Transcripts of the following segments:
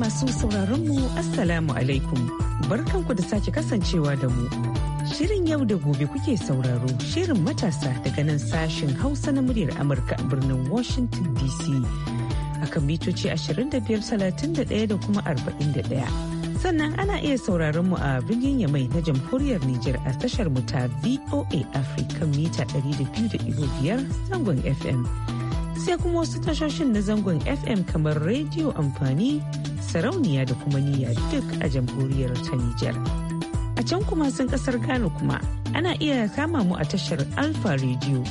masu sauraron mu Assalamu alaikum. Barkanku da sake kasancewa da mu. Shirin yau da gobe kuke sauraro shirin matasa daga nan sashen Hausa na muryar Amurka a birnin Washington DC. a kan mitoci 2531 da kuma 41. Sannan ana iya sauraron mu a birnin Yamai na jamhuriyar Nijar a tashar mu ta VOA Africa mita 200.5 zangon FM. Sai kuma wasu tashoshin na zangon FM kamar rediyo amfani sarauniya da kuma niyya duk a jamhuriyar ta Nijar. A can kuma sun kasar Ghana kuma ana iya kama mu a tashar Alfa Radio.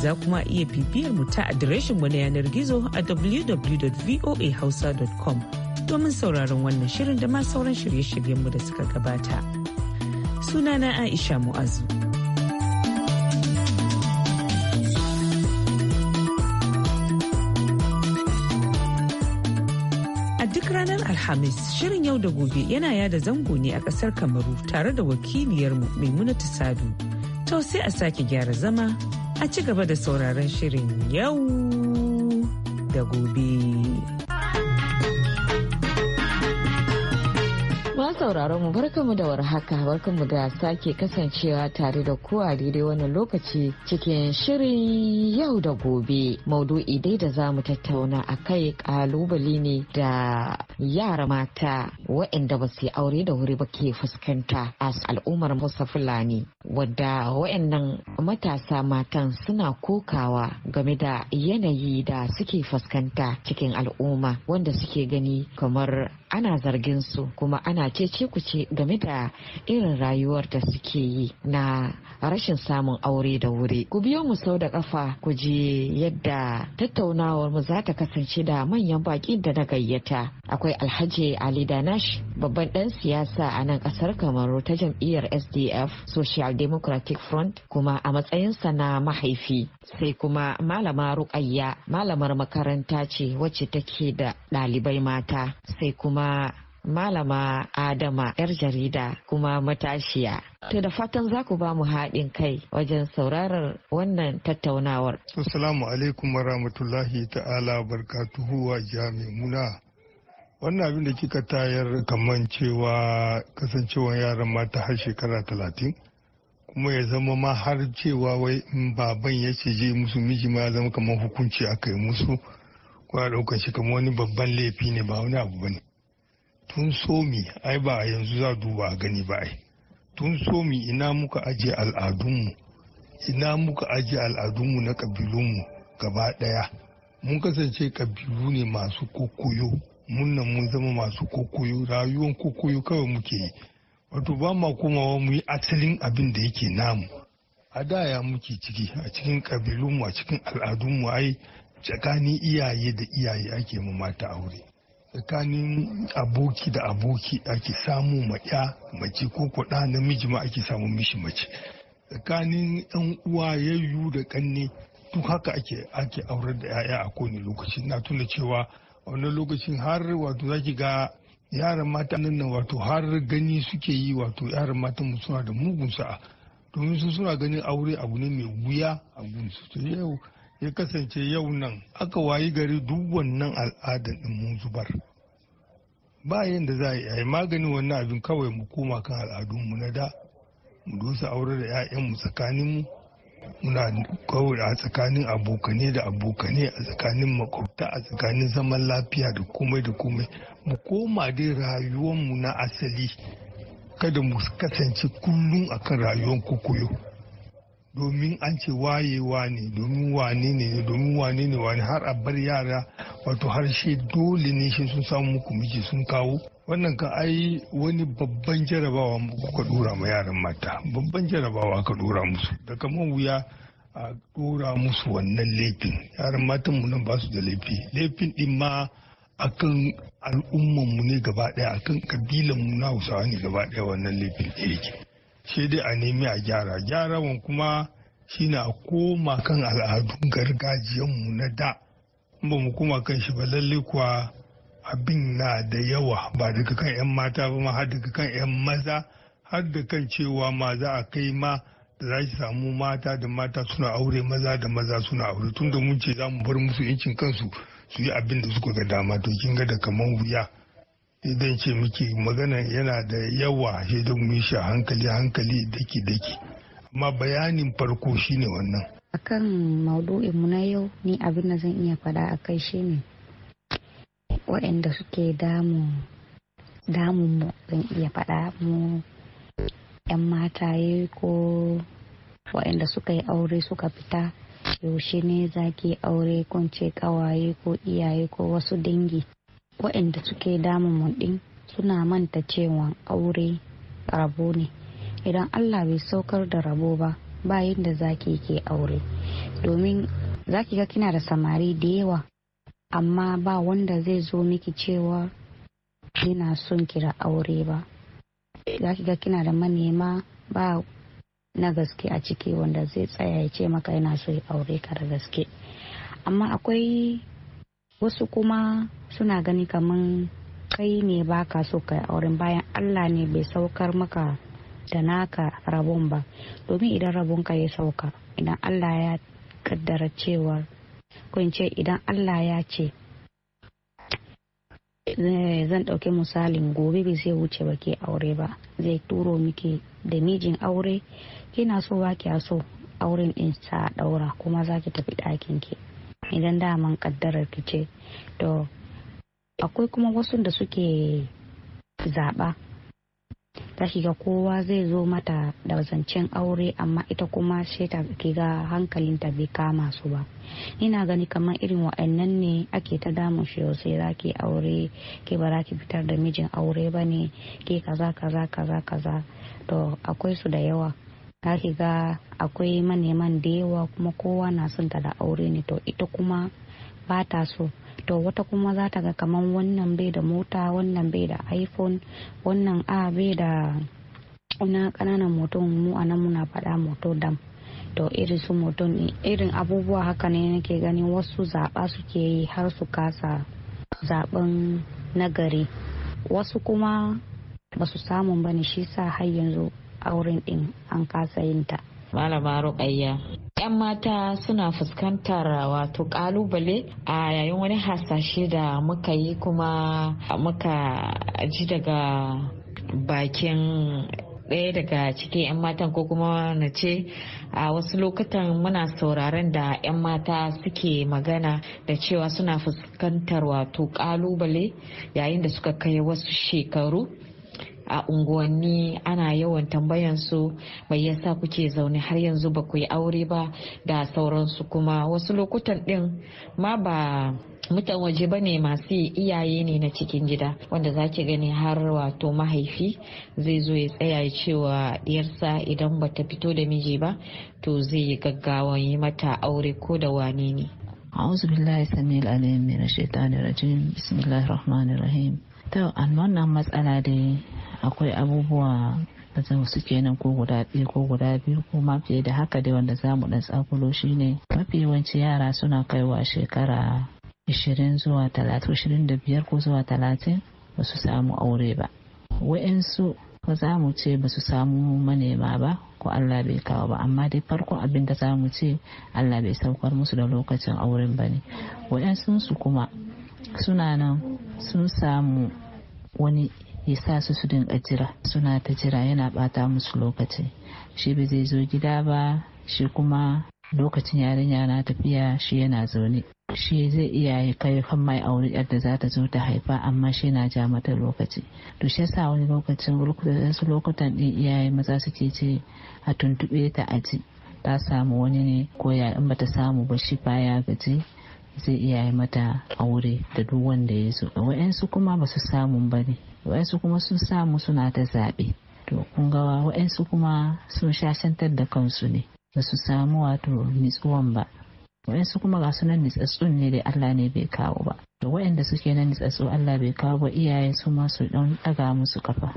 Za kuma iya bibiyar mu ta adireshin mu na yanar gizo a www.voahausa.com domin sauraron wannan shirin da ma sauran shirye-shiryen mu da suka gabata. Sunana Aisha Mu'azu. hamis shirin yau da gobe yana yada zango ne a kasar Kamaru tare da wakiliyarmu Maimunatu Sadu. To sai a sake gyara zama a ci gaba da sauraron shirin yau da gobe. sauraron mu barkamu da warhaka barkamu da sake kasancewa tare da ku a daidai wannan lokaci cikin shirin yau da gobe maudu'i dai da za mu tattauna a kai kalubale ne da yara mata waɗanda ba su aure da wuri ba ke fuskanta a al'ummar Musa Fulani wadda waɗannan matasa matan suna kokawa game da yanayi da suke fuskanta cikin al'umma wanda suke gani kamar ana zargin su kuma ana cece ce game da irin rayuwar da suke yi na rashin samun aure da wuri ku biyo mu sau da kafa ku je yadda tattaunawar mu za ta kasance da manyan baƙin da na gayyata akwai alhaji ali danash babban dan siyasa a nan ƙasar kamaru ta jam'iyyar sdf social democratic front kuma a matsayinsa na mahaifi sai kuma malama ruƙayya malamar makaranta ce wacce take da ɗalibai mata sai kuma kuma malama Adama 'yar jarida kuma matashiya. To da fatan za ku ba mu haɗin kai wajen saurarar wannan tattaunawar. Assalamu alaikum wa rahmatullahi ta'ala barkatuhu wa muna. Wannan abin da kika tayar kamar cewa kasancewar yaran mata har shekara talatin kuma ya zama ma har cewa wai in baban ya ce je musu miji ma ya zama kamar hukunci aka yi musu kuna ɗaukar shi kamar wani babban laifi ne ba wani abu ba ne. tun somi ai ba a yanzu za duba a gani ba ai tun somi ina muka ajiye al'adunmu ina muka ajiye al'adunmu na kabilunmu gaba ɗaya mun kasance kabilu ne masu kokoyo mun nan mun zama masu kokoyo rayuwar kokoyo kawai muke yi wato ba ma komawa mu yi asalin abin da yake namu a daya muke ciki a cikin kabilunmu a cikin al'adunmu ai tsakanin iyaye da iyaye ake mu mata aure tsakanin aboki da aboki ake samu maƙya mace ko kwaɗa namiji ma ake samu mishi mace tsakanin yan uwa yayyu da ƙanne duk haka ake ake aurar da 'ya'ya a kowane lokaci na tuna cewa a wani lokacin har wato zaki ga yaran mata nan nan wato har gani suke yi wato yaran mata mu suna da mugun sa'a domin su suna ganin aure abu ne mai wuya a gunsu to yau ya kasance yau nan aka wayi gari duk wannan al'adar din mun zubar ba yadda za a yi magani wannan abin kawai mu koma kan al'adunmu na da mu dosa aure da 'ya'yanmu tsakaninmu muna kawai a tsakanin abokane da abokane a tsakanin makwabta a tsakanin zaman lafiya da komai da komai mu koma dai mu na asali kada mu kasance kullum akan rayuwar kokoyo domin an ce wayewa ne domin wane ne domin wane ne wani har a bar yara wato harshe dole ne shi sun samu muku miji sun kawo wannan ka ai wani babban jarabawa ka dora ma yaran mata babban jarabawa ka dora musu da kaman wuya a dora musu wannan laifin yaran matan mu nan ba su da laifi laifin din ma akan al'umman mu ne gaba daya akan kabilan mu na Hausawa ne gaba daya wannan laifin da yake sai dai a nemi a gyara gyarawan kuma shine a koma kan al'adun mu na da ba mu koma kan shi ba lalle kuwa abin na da yawa ba daga kan 'yan mata ba ma har daga kan 'yan maza har da kan cewa ma za a kai ma da za shi samu mata da mata suna aure maza da maza suna aure tun da mun ce za mu bar musu yancin kansu su yi abin da suka ga dama to kin ga da kaman wuya idan ce muke magana yana da yawa shi don sha hankali hankali daki daki amma bayanin farko shine wannan akan maudu'in mu na yau ni abin da zan iya faɗa a kai ne waɗanda suke damun mu zan iya faɗa mu 'yan mataye ko waɗanda suka yi aure suka fita yaushe ne zaki aure kunce ƙawaye ko iyaye ko wasu dangi waɗanda suke damun mu suna manta cewa aure rabo ne idan allah bai saukar da rabo ba bayan da zaki ke aure domin zaki ga kina da samari da yawa amma ba wanda zai zo miki cewa kina son kira aure ba zaki ga kina da manema ba na gaske a ciki wanda zai tsaya ya ce maka yana so ya aure ka da gaske amma akwai wasu kuma suna gani kamar kai ne ba ka so yi auren bayan allah ne bai saukar maka da naka rabon ba domin idan rabon ka ya sauka idan allah ya kaddara cewa idan allah ya ce eh, zan dauke misalin gobe bai zai wuce ba ke aure ba zai turo miki da mijin aure kina so ba ki so auren din sa ɗaura kuma zaki tafi ɗakin ki idan daman kaddarar ki ce to akwai kuma wasu da suke zaba ta shiga kowa zai zo mata da zancen aure amma ita kuma sai ta ga hankalinta bai kama su ba ina gani kamar irin wa'annan ne ake ta damun shi sai za ki aure ke ba za ki fitar da mijin aure ba ne ke kaza kaza kaza kaza to akwai su da yawa ta akwai maneman da yawa kuma kowa na son ta da aure ne to ita kuma ba ta so to wata kuma za ta ga kamar wannan bai da mota wannan bai da iphone wannan a bai da na kananan motun mu a nan muna faɗa moto dam to irin su moton irin abubuwa haka ne nake ganin wasu zaɓa suke yi har su kasa zaɓen nagari wasu kuma ba su samun bane shi sa har yanzu auren ɗin an kasa yin ta. Malama Rukayya. 'Yan mata suna fuskantar wato kalubale a yayin wani hasashe da muka yi kuma muka ji daga bakin ɗaya daga cikin 'yan matan ko kuma na ce a wasu lokutan muna sauraren da 'yan mata suke magana da cewa suna fuskantar wato kalubale yayin da suka kai wasu shekaru a unguwanni ana yawan tambayan su mai yasa kuke zaune har yanzu ba ku yi aure ba da sauransu kuma wasu lokutan din ma ba mutan waje ba ne masu iyaye ne na cikin gida wanda za ki gani har wato mahaifi zai zo ya tsaya ya cewa diyarsa idan ba ta fito da miji ba to zai yi gaggawa yi mata aure ko da wane ne a'udhu billahi السميع العليم من الشيطان الرجيم بسم to an wannan matsala dai akwai abubuwa da zan suke nan ko guda ɗaya ko guda biyu ko ma fiye da haka da wanda za mu ɗan tsakulo ne mafi yawanci yara suna kaiwa shekara ishirin zuwa talatin ishirin da biyar ko zuwa talatin ba su samu aure ba wa'insu ba za mu ce ba su samu manema ba ko Allah bai kawo ba amma dai farko abin da za mu ce Allah bai saukar musu da lokacin auren ba ne wa'insu kuma suna nan sun samu wani ya sa su su dinga jira suna ta jira yana bata musu lokaci shi ba zai zo gida ba shi kuma lokacin yarinya na tafiya shi yana zaune shi zai iya kai kan mai aure yadda za ta zo ta haifa amma shi na ja mata lokaci to shi yasa wani lokacin wasu lokutan din iyaye maza suke ce a tuntube ta aji ta samu wani ne ko ya in bata samu ba shi baya gaji zai iya mata aure da duk wanda ya zo wa'yansu kuma ba su samun ba ne waɗansu kuma sun samu suna ta zaɓe to kun ga waɗansu kuma sun shashantar da kansu ne ba su samu wato nitsuwan ba waɗansu kuma ga sunan nitsatsun ne da Allah ne bai kawo ba to wa'yanda suke nan nitsatsu Allah bai kawo ba iyaye su ma su dan daga musu kafa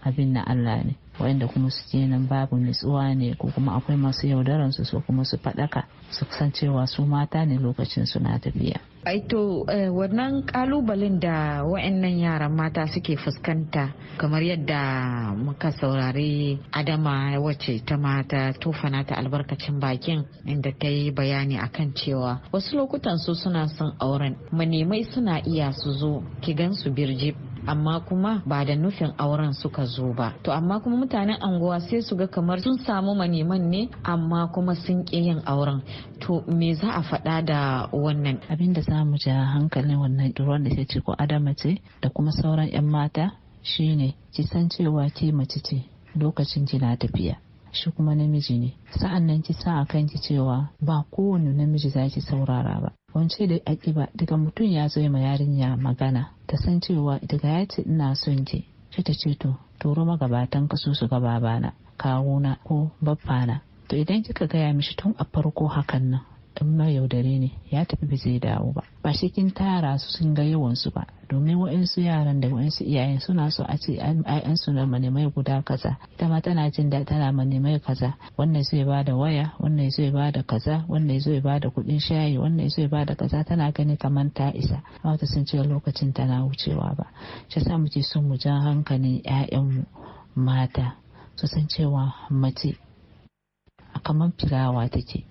abin na Allah ne wa'yanda kuma suke nan babu nitsuwa ne ko kuma akwai masu yaudaransu su kuma su faɗaka su san cewa su mata ne lokacin suna tafiya Aito eh, wannan kalubalen da wa'annan yaran mata suke fuskanta kamar yadda muka saurari Adama wacce ta mata tofana ta albarkacin bakin inda ta yi bayani akan cewa wasu lokutan su suna son auren manemai suna iya su zo ki gan su birjib amma kuma ba da nufin auren suka zo ba to amma kuma mutanen anguwa sai su ga kamar sun samu maneman ne amma kuma sun ƙi yin auren to me za a faɗa da wannan Abinda da za mu ja hankalin wannan duron da ce ko adama ce da kuma sauran 'yan mata shine ki san cewa ke mace ce lokacin kina tafiya shi kuma namiji ne sa'an nan ki sa a kanki cewa ba kowane namiji za ki saurara ba wance da ba, daga mutum ya zo ma yarinya magana ta san cewa daga ya ce ina son ki ki ta ce to turo magabatan ka su su ga babana kawuna ko na. to idan kika gaya mishi tun a farko hakan nan in ma yaudare ne ya tafi ba zai dawo ba ba shi tara su sun ga yawan su ba domin waɗansu yaran da waɗansu iyayen suna so a ce an su na manemai guda kaza ita ma tana jin da tana manemai kaza wannan zai ba da waya wannan zai ba da kaza wannan zai ba da kuɗin shayi wannan zai ba da kaza tana gani kamar ta isa ta sun ce lokacin tana wucewa ba shi sa muke son mu jan hankalin mu mata su san cewa mace kamar filawa take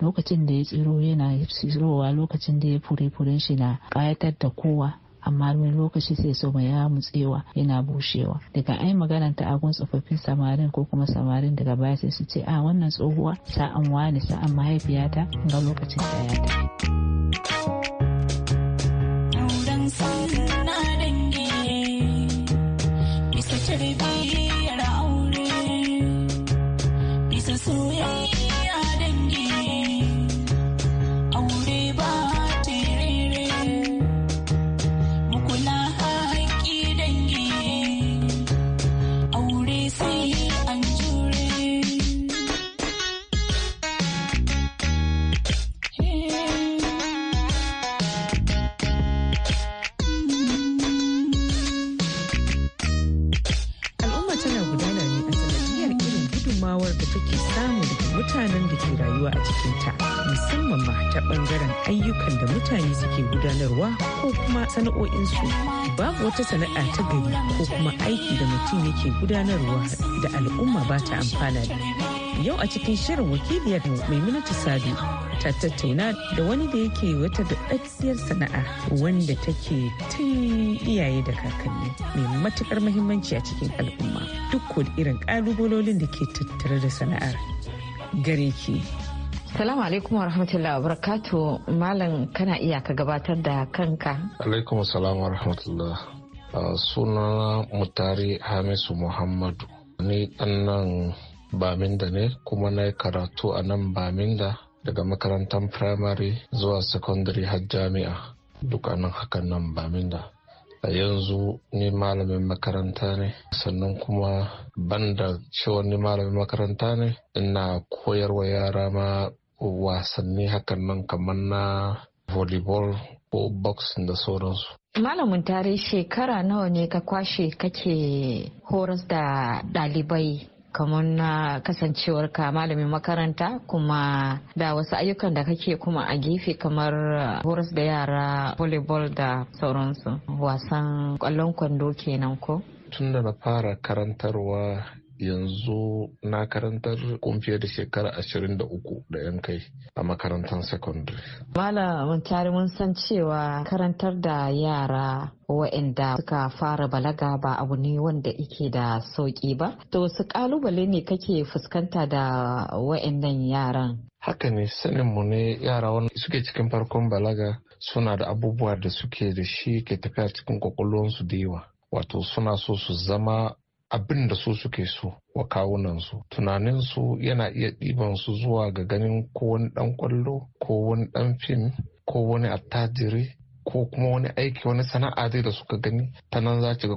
lokacin da ya tsiro yana tsirowa lokacin da ya fure-furen shi na ƙayatar da kowa amma wani lokaci sai so mai ya mutsewa yana bushewa daga ai maganar ta agun tsofaffin samarin ko kuma samarin daga baya sai su ce a wannan tsohuwa sa'an wani sa'an mahaifiyata ga lokacin da ya ta. sana'o'insu babu wata sana'a ta gari ko kuma aiki da mutum yake gudanarwa da al'umma ba ta amfana da yau a cikin shirin wakiliyar maimunatu sadu ta tattauna da wani da yake wata daɗaɗɗiyar sana'a wanda take tun iyaye da kakanni mai matukar muhimmanci a cikin al'umma duk irin ƙalubalolin da ke tattare da sana'ar gare ki Salamu alaikum wa rahmatullahi wa barakatu malam kana iya ka gabatar da kanka. Alaikum salam wa rahmatullah. Ah, Suna mutari Hamisu Muhammadu. Ni ɗan nan Baminda ne kuma na karatu a nan Baminda daga makarantar firamare zuwa secondary har jami'a duk anan nan hakan nan Baminda. a yanzu ni malamin makaranta ne sannan kuma banda cewa ni malamin makaranta ne ina koyarwa yara ma wasanni hakan nan kamar na volleyball ko boxing da sauransu. Malamin tare shekara nawa ne ka kwashe kake horas da ɗalibai kamar na kasancewar ka malamin makaranta kuma da wasu ayyukan da kake kuma a gefe kamar horas da yara volleyball da sauransu wasan kwallon kwando kenan ko? Tun da na fara karantarwa yanzu na karantar kun fiye da shekara ashirin da uku da yan kai a makarantar secondary. Malam kyari mun san cewa karantar da yara wa'inda suka fara balaga ba abu ne wanda ike da sauƙi ba. To wasu ƙalubale ne kake fuskanta da wa'innan yaran? Haka ne mu ne yara wani suke cikin farkon balaga suna da abubuwa da suke da shi ke tafiya cikin kwakwalwansu da yawa. Wato suna so su zama abin da su suke so wa kawunansu tunaninsu yana iya ɗiban su zuwa ga ganin ko ɗan ƙwallo ko wani ɗan fim ko wani attajiri ko kuma wani aiki wani sana'a dai da suka gani ta nan za ki ga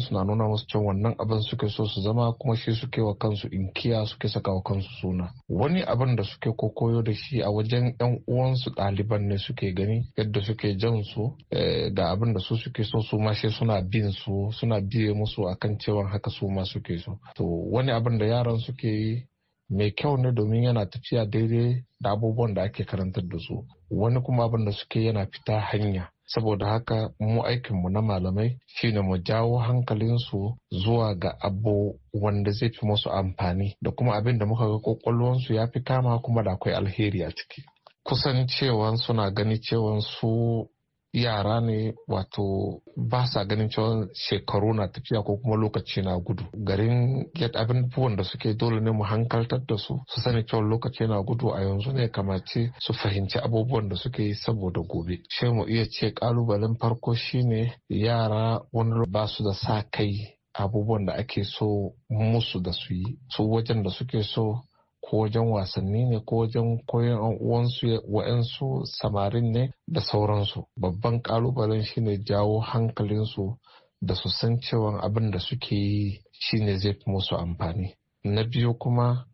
su na nuna musu cewa wannan abin suke so su zama kuma shi suke wa kansu inkiya suke saka wa kansu suna wani abin da suke ko koyo da shi a wajen yan uwansu ɗaliban ne suke gani yadda suke jan su eh, da abin da su suke so su ma sai suna bin su suna biye musu akan cewa haka su ma suke so to wani abin da yaran suke yi mai kyau ne domin yana tafiya daidai da abubuwan da ake karantar da su wani kuma abin da suke yana fita hanya saboda haka mu aikinmu na malamai shine mu jawo hankalinsu zuwa ga abu wanda zai fi musu amfani da kuma abin da muka ga kwakwalwansu ya fi kama kuma da akwai alheri a ciki kusan cewa suna gani cewa su yara ne wato ba sa ganin cewa shekaru na tafiya ko kuma lokaci na gudu garin get abubuwan da suke dole ne mu hankaltar da su su sani cewa lokaci na gudu a yanzu ne kamace su fahimci abubuwan da suke yi saboda gobe sai mu iya ce kalubalen farko shine yara wani ba su da sa kai abubuwan da ake so musu da su yi su wajen da suke so ko wajen wasanni ne ko wajen koyon uwansu wa'ansu samarin ne da sauransu babban kalubalen shine jawo hankalinsu da su san cewa abin da suke yi shine zai fi musu amfani na biyu kuma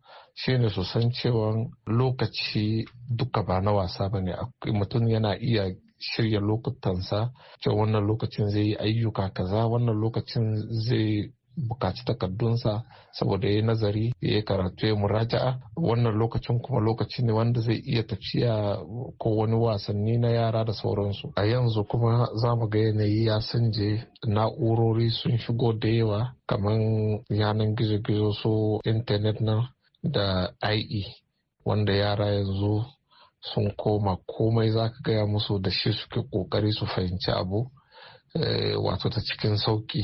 shine su san cewa lokaci duka ba na wasa ba ne mutum yana iya shirya lokutansa cewa wannan lokacin zai yi ayyuka kaza wannan lokacin zai bukaci takardunsa saboda ya nazari ya yi karatu ya muraja'a wannan lokacin kuma lokaci ne wanda zai iya tafiya ko wani wasanni na yara da sauransu a yanzu kuma za mu ga yanayi ya sanje na'urori sun shigo da yawa kamar yanan gizo-gizo su intanet nan da ie wanda yara yanzu sun koma komai za ka gaya musu da shi suke kokari su fahimci abu eh, wato ta cikin sauki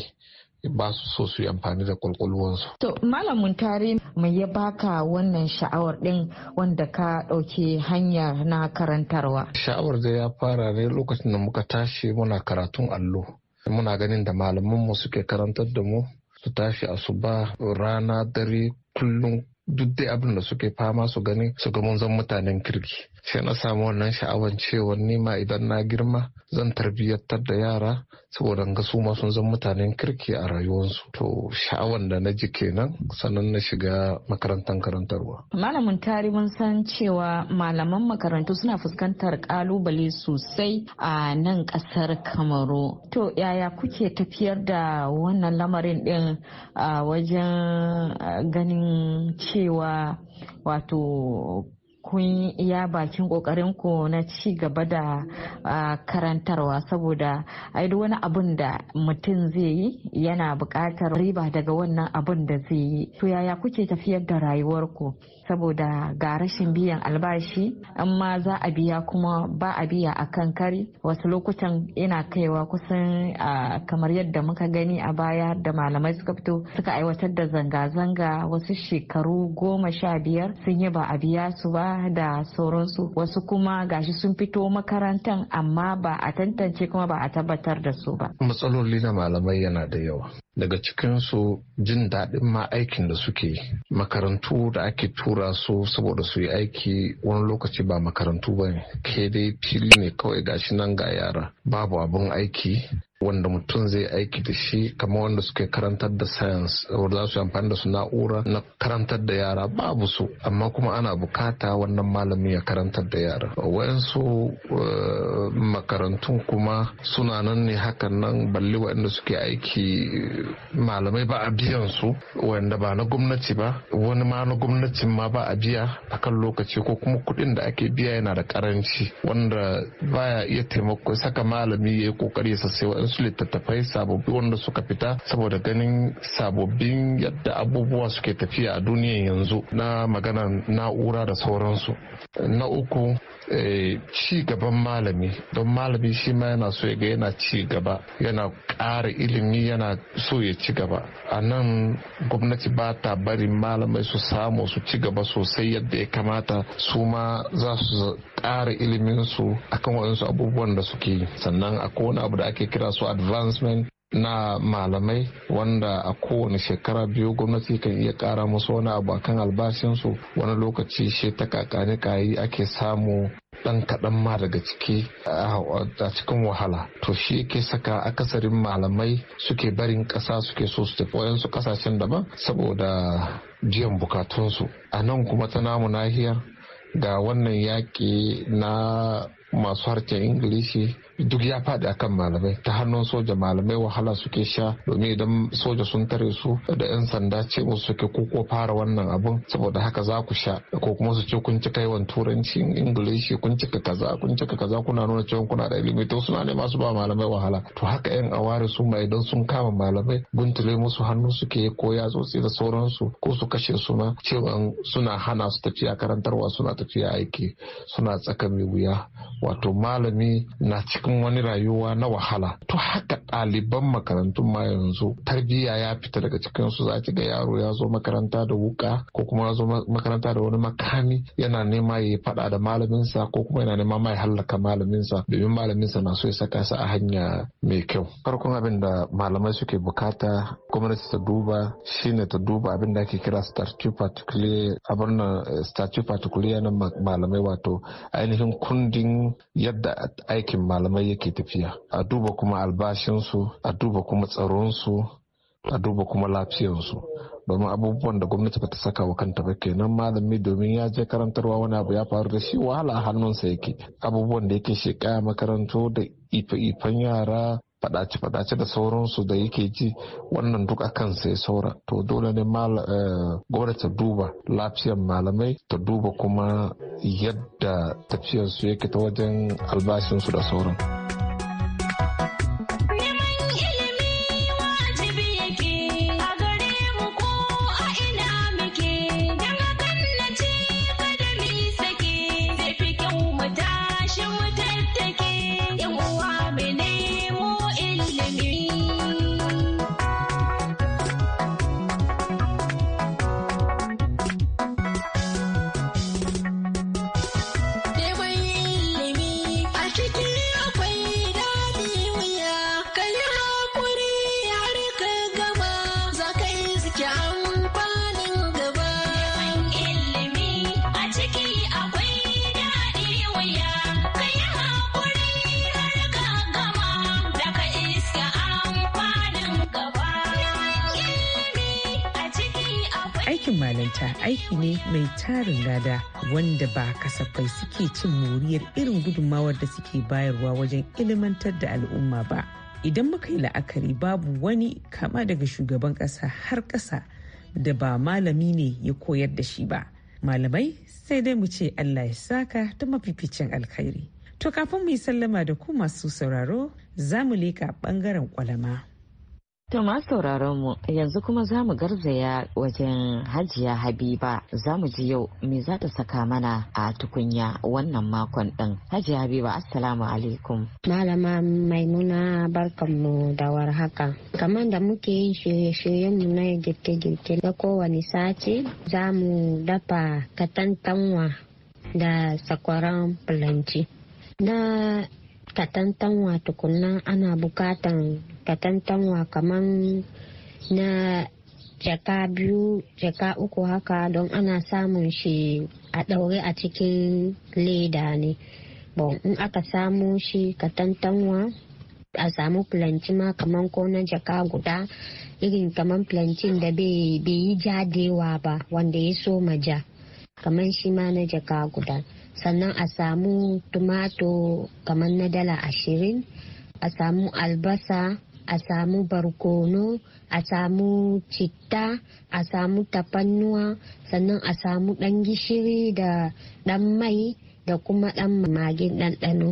ba su so su yi amfani da kwalkwalwansu. To malamin tare mai ya baka wannan sha'awar ɗin wanda ka ɗauke hanya na karantarwa. Sha'awar da ya fara ne lokacin da muka tashi muna karatun allo. Muna ganin da malamanmu suke karantar da mu su tashi asuba rana dare kullum duk dai abin da suke fama su gani su ga mun zan mutanen kirki. sai na samu wannan sha'awar cewa nima idan na girma zan tarbiyyantar da yara saboda ga su ma sun zan mutanen kirki a rayuwarsu to sha'awan da na ji kenan sannan na shiga makarantar karantarwa malamin tari mun san cewa malaman makarantu suna fuskantar kalubale sosai a nan kasar kamaru to yaya kuke tafiyar da wannan lamarin din a wajen ganin cewa wato kun iya bakin kokarin ku na ci gaba da karantarwa saboda ai duk wani abun da mutum zai yi yana buƙatar riba daga wannan abun da zai yi to yaya kuke tafiyar da rayuwarku saboda ga rashin biyan albashi amma za a biya kuma ba a biya a kan kari wasu lokutan ina kaiwa kusan kamar yadda muka gani a baya da malamai suka fito suka aiwatar da zanga-zanga wasu shekaru goma sha biyar sun yi ba a biya su ba da sauransu wasu kuma gashi sun fito makarantan amma ba a tantance kuma ba a tabbatar da su ba. Matsaloli na malamai yana da yawa. Daga cikinsu jin daɗin ma aikin da suke makarantu da ake tura su saboda su yi aiki wani lokaci ba makarantu ba ne ke dai fili ne kawai gashi nan ga yara babu abin aiki wanda mutum zai aiki da shi kama wanda suke karantar da science wanda za su amfani da su na'ura na karantar da yara babu su amma kuma ana bukata wannan malami ya karantar da yara wayansu eh, makarantun kuma suna nan ne hakan nan balle waɗanda suke aiki malamai ba a biyan su wanda ba na gwamnati ba wani ma na gwamnatin ma ba a biya a kan lokaci ko kuma kuɗin da ake biya yana da karanci wanda baya iya taimako saka malami ya yi kokari ya sassai su littattafai sababbi wanda suka fita saboda ganin sababbin yadda abubuwa suke tafiya a duniya yanzu na maganar na'ura da sauransu na uku Eh, ci gaban malami don malami shi ma yana so ya ga yana ci gaba yana ƙara ilimi yana so ya ci gaba a nan gwamnati ba ta bari malamai su samu su ci gaba sosai yadda ya kamata su ma za su ƙara iliminsu akan waɗansu abubuwan da suke yi sannan akwai wani abu da ake kira su advancement na malamai wanda a kowane shekara biyu gwamnati kan iya kara musu wani abu akan albashinsu wani lokaci shi ta kakani kayi ake samu dan kaɗan ma daga ciki a cikin wahala to shi ke saka akasarin malamai suke barin ƙasa suke so su tafi wayansu ƙasashen daban saboda biyan bukatunsu a nan kuma ta namu nahiyar ga wannan yaƙi na masu harshen ingilishi duk ya faɗi akan malamai ta hannun soja malamai wahala suke sha domin idan soja sun tare su da 'yan sanda ce musu suke ko fara wannan abun saboda haka za ku sha ko kuma su ce kun cika yawan turanci ingilishi kun cika kaza kun cika kaza kuna nuna cewa kuna da ilimi to suna ne masu ba malamai wahala to haka 'yan aware su ma idan sun kama malamai guntule musu hannu suke ko yatsotsi da sauransu ko su kashe su ma cewa suna hana su tafiya karantarwa suna tafiya aiki suna tsaka mai wuya wato malami na cikin wani rayuwa na wahala to haka ɗaliban makarantun ma yanzu tarbiyya ya fita daga cikin su za ga yaro ya zo makaranta da wuka ko kuma ya zo makaranta da wani makami yana nema ya faɗa da malaminsa ko kuma yana nema mai hallaka malaminsa domin malaminsa na so ya saka su a hanya mai kyau farkon abin da malamai suke bukata gwamnati ta duba shine ta duba abin da ake kira statute particulier abin eh, statute particulier na malamai wato ainihin kundin yadda aikin malamai yake tafiya a duba kuma albashinsu a duba kuma tsaronsu a duba kuma lafiyarsu domin abubuwan da gwamnati bata saka wa kanta ba kenan malami domin ya je karantarwa wani abu ya faru da shi wahala a hannunsa yake abubuwan da yake shekaya makarantu da ife-ifen yara fadace-fadace da sauransu da yake ji wannan duk akan sai saura to dole ne eh, gwamnati ta duba lafiyar malamai ta duba kuma yadda tafiyarsu yake ta wajen albashinsu da sauran. mai tarin lada wanda ba kasafai suke cin moriyar irin gudunmawar da suke bayarwa wajen ilimantar da al'umma ba idan muka yi la'akari babu wani kama daga shugaban ƙasa har ƙasa da ba malami ne ya koyar da shi ba malamai sai dai mu ce allah ya saka ta mafificin alkhairi to kafin mu yi sallama da ku masu sauraro za mu leƙa ɓangaren ƙwalama. To ma sauraron mu yanzu kuma za mu garzaya wajen Hajiya Habiba za mu ji yau me za ta saka mana a tukunya wannan makon ɗin. Hajiya Habiba Assalamu alaikum. Malama Maimuna barkanmu da war haka Kamar da muke yin shirye-shiryen mu na girke-girke na kowane sace za mu dafa katantanwa da sakwaran bulanci. Na ka tantanwa tukunna ana bukatan ka tantanwa kaman na jaka biyu jaka uku haka don ana samun shi a ɗaure a cikin leda ne bon in aka samu shi ka tantanwa a samu plantain ma kaman ko na jaka guda irin kaman plantain da bai yi jadewa ba wanda ya so ja kaman shi ma na jaka guda sannan a samu tumato kamar na dala ashirin a samu albasa a samu barkono a samu citta a samu tafannuwa sannan a samu ɗan gishiri da ɗan mai da kuma ɗan magin ɗanɗano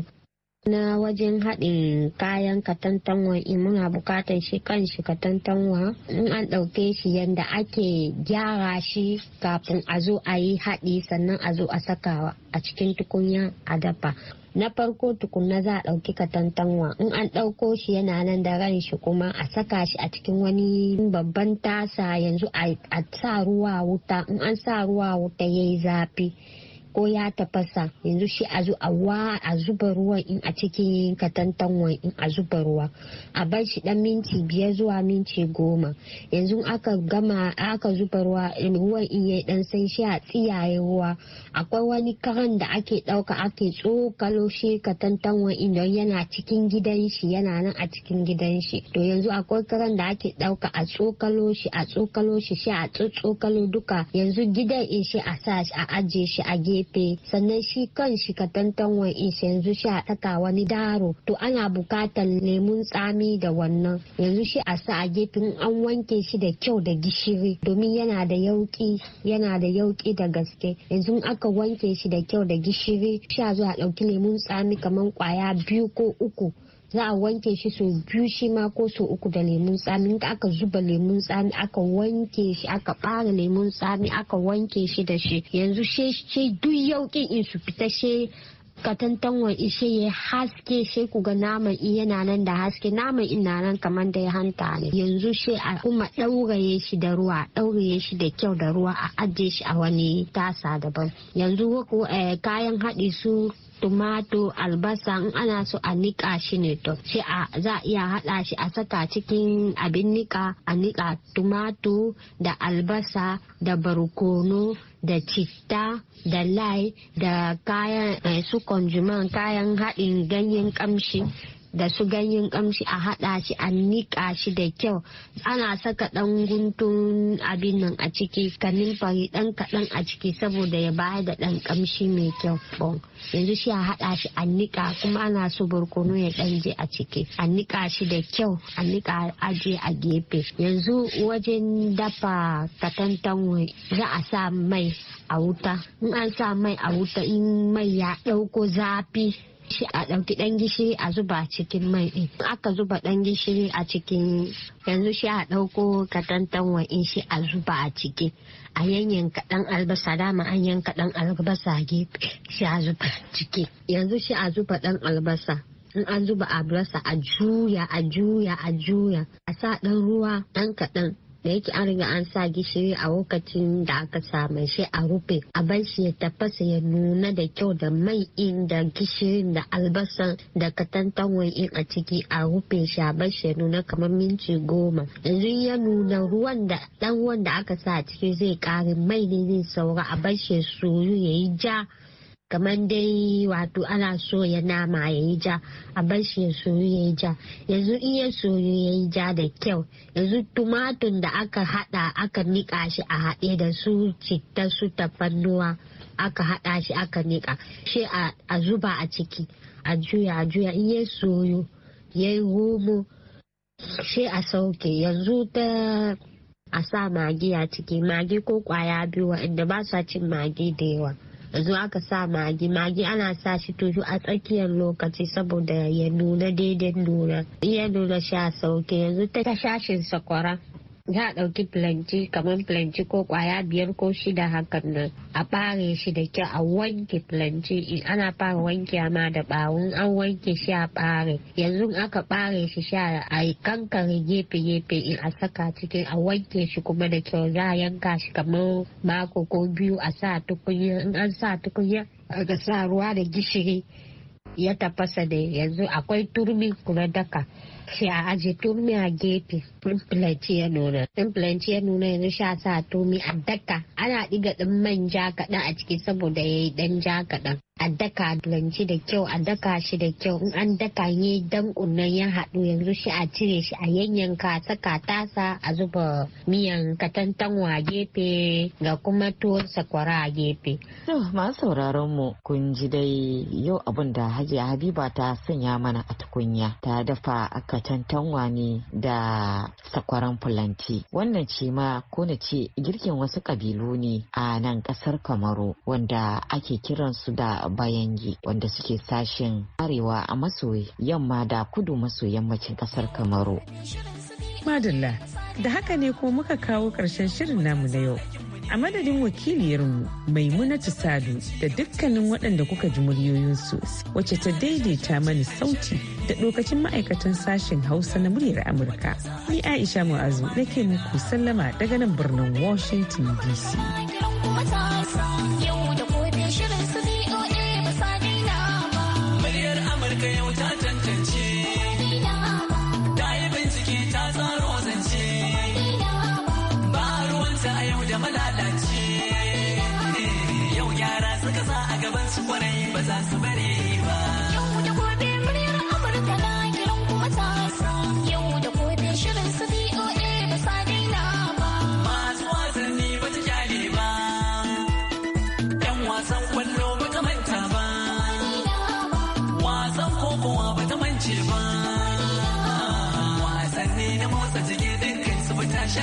na wajen haɗin kayan katantanwa in eh, muna bukatar shi kan shi katantanwa in an ɗauke shi yadda ake gyara shi kafin a zo a yi haɗi sannan a zo a saka a cikin tukunya a dafa na farko tukunna za a ɗauki katantanwa in an ɗauko shi yana nan da ran shi kuma a saka shi a cikin wani babban tasa yanzu a sa ruwa wuta in an sa ruwa wuta ya yi zafi ko ya tafasa yanzu shi a a zuba ruwa in a cikin wani in a zuba ruwa a bar shi dan minti biyar zuwa minti goma yanzu aka gama aka zuba ruwa ruwan in yayi dan san shi a tsiyaye ruwa akwai wani karan da ake dauka ake tsokalo shi katantan in don yana cikin gidan shi yana nan a cikin gidan shi to yanzu akwai karan da ake dauka a tsokalo shi a tsokalo shi shi a tsotsokalo duka yanzu gidan in shi a sa a ajiye shi a gefe gefe sannan shi kan shi ka tantanwan ish yanzu shi a taka wani daro to ana buƙatar lemun tsami da wannan yanzu shi a sa a gefen an wanke shi da kyau da gishiri domin yana da yauki yana da yauki da gaske yanzu aka wanke shi da kyau da gishiri shi a zo a ɗauki lemun tsami kamar kwaya biyu ko uku za a wanke shi sau biyu shi ma ko sau uku da lemun tsami in aka zuba lemun tsami aka wanke shi aka ɓara lemun tsami aka wanke shi da shi yanzu she duk yauƙin in su fita she tantanwa ishe ya haske shi ku ga naman in yana nan da haske naman in na nan kamar da ya hanta ne yanzu shi a kuma ɗauraye shi da ruwa ɗauraye shi da kyau da ruwa a ajiye shi a wani tasa daban yanzu eh, kayan haɗi su tumatu albasa in ana so a nika shi ne to sai a za a iya haɗa shi a saka cikin abin nika a niƙa tumatu da albasa da barkono da citta da lai da kayan eh, su kayan haɗin ganyen kamshi. da su ganyen kamshi a haɗa shi a niƙa shi da kyau ana saka ɗan guntun abin nan a ciki kanin fari ɗan kaɗan a ciki saboda ya bayar da ɗan kamshi mai kyau bon yanzu shi a haɗa shi a niƙa kuma ana so barkono ya ɗan je a ciki a niƙa shi da kyau a niƙa aje a gefe yanzu wajen dafa wai za a sa mai a wuta in an sa mai a wuta in mai ya ɗauko zafi shi a ɗauki ɗan gishiri a zuba cikin mai ɗin aka zuba ɗan gishiri a cikin yanzu shi a ɗauko katantan in shi a zuba a ciki a yanyan kaɗan albasa dama an yanka ɗan albasa gefe shi a zuba ciki yanzu shi a zuba ɗan albasa in an zuba albasa a juya a juya a juya a sa ɗan ruwa ɗan kaɗan da yake an riga an sa gishiri a lokacin da aka same shi a rufe a bar shi ya tafasa ya nuna da kyau da mai in da gishirin da albasan da katantanwan in a ciki a rufe shi a bar shi ya nuna kamar minti goma yanzu ya nuna ruwan da dan da aka sa a ciki zai kare mai ne zai saura a bar shi soyu ya yi ja kamar dai wato ana so ya nama ya yi ja a bar shi ya soyu ya yi ja yanzu in ya soyu ya yi ja da kyau yanzu tumatun da aka hada aka nika shi a haɗe da su citta su tafannuwa aka hada shi aka nika shi a zuba a ciki a juya a juya in ya soyu ya yi homo shi a sauke yanzu ta a sa magi a ciki magi ko kwaya biyu inda ba sa cin magi da yawa yanzu aka sa magi magi ana sa shi tutu a tsakiyar lokaci saboda ya nuna daidai nuna iya nuna sha sauke yanzu ta shashin sakwara za a ɗauki filanci kamar filanci ko kwaya biyar ko shida hakan nan a ɓare shi da kyau a wanke filanci in ana fara wanke ma da ɓawun an wanke shi a ɓare yanzu aka ɓare shi sha a kankare gefe-gefe in a saka cikin a wanke shi kuma da kyau za a yanka shi kamar mako ko biyu a sa tukunya in an sa tukunya ga sa ruwa da gishiri ya tafasa da yanzu akwai turmi kuma daka sai a aje turmi a gefe implant ya nuna implant ya nuna yanzu sha sa turmi a daka ana diga din manja kaɗan a ciki saboda ya yi dan ja kaɗan a daka lanci da kyau a daka shi da kyau in an daka yi dan kunnan ya haɗu yanzu shi a cire shi a yanyanka saka tasa a zuba miyan katantanwa a gefe ga kuma tuwon sakwara a gefe. to masu sauraron mu kun ji dai yau abin da hajiya habiba ta sanya mana a tukunya ta dafa akan fatantan wane da sakwaran fulanti wannan ce ma ko na ce girkin wasu kabilu ne a nan kasar kamaru wanda ake kiransu da bayangi wanda suke sashen arewa a maso yamma da kudu maso yammacin kasar kamaru madalla da haka ne ko muka kawo karshen shirin namu na yau a madadin wakiliyarmu maimunatu sadu da dukkanin waɗanda kuka ji muryoyinsu wacce ta daidaita mani sauti da ɗokacin ma'aikatan sashen hausa na muryar amurka ni aisha mu'azu nake muku sallama daga nan birnin washington dc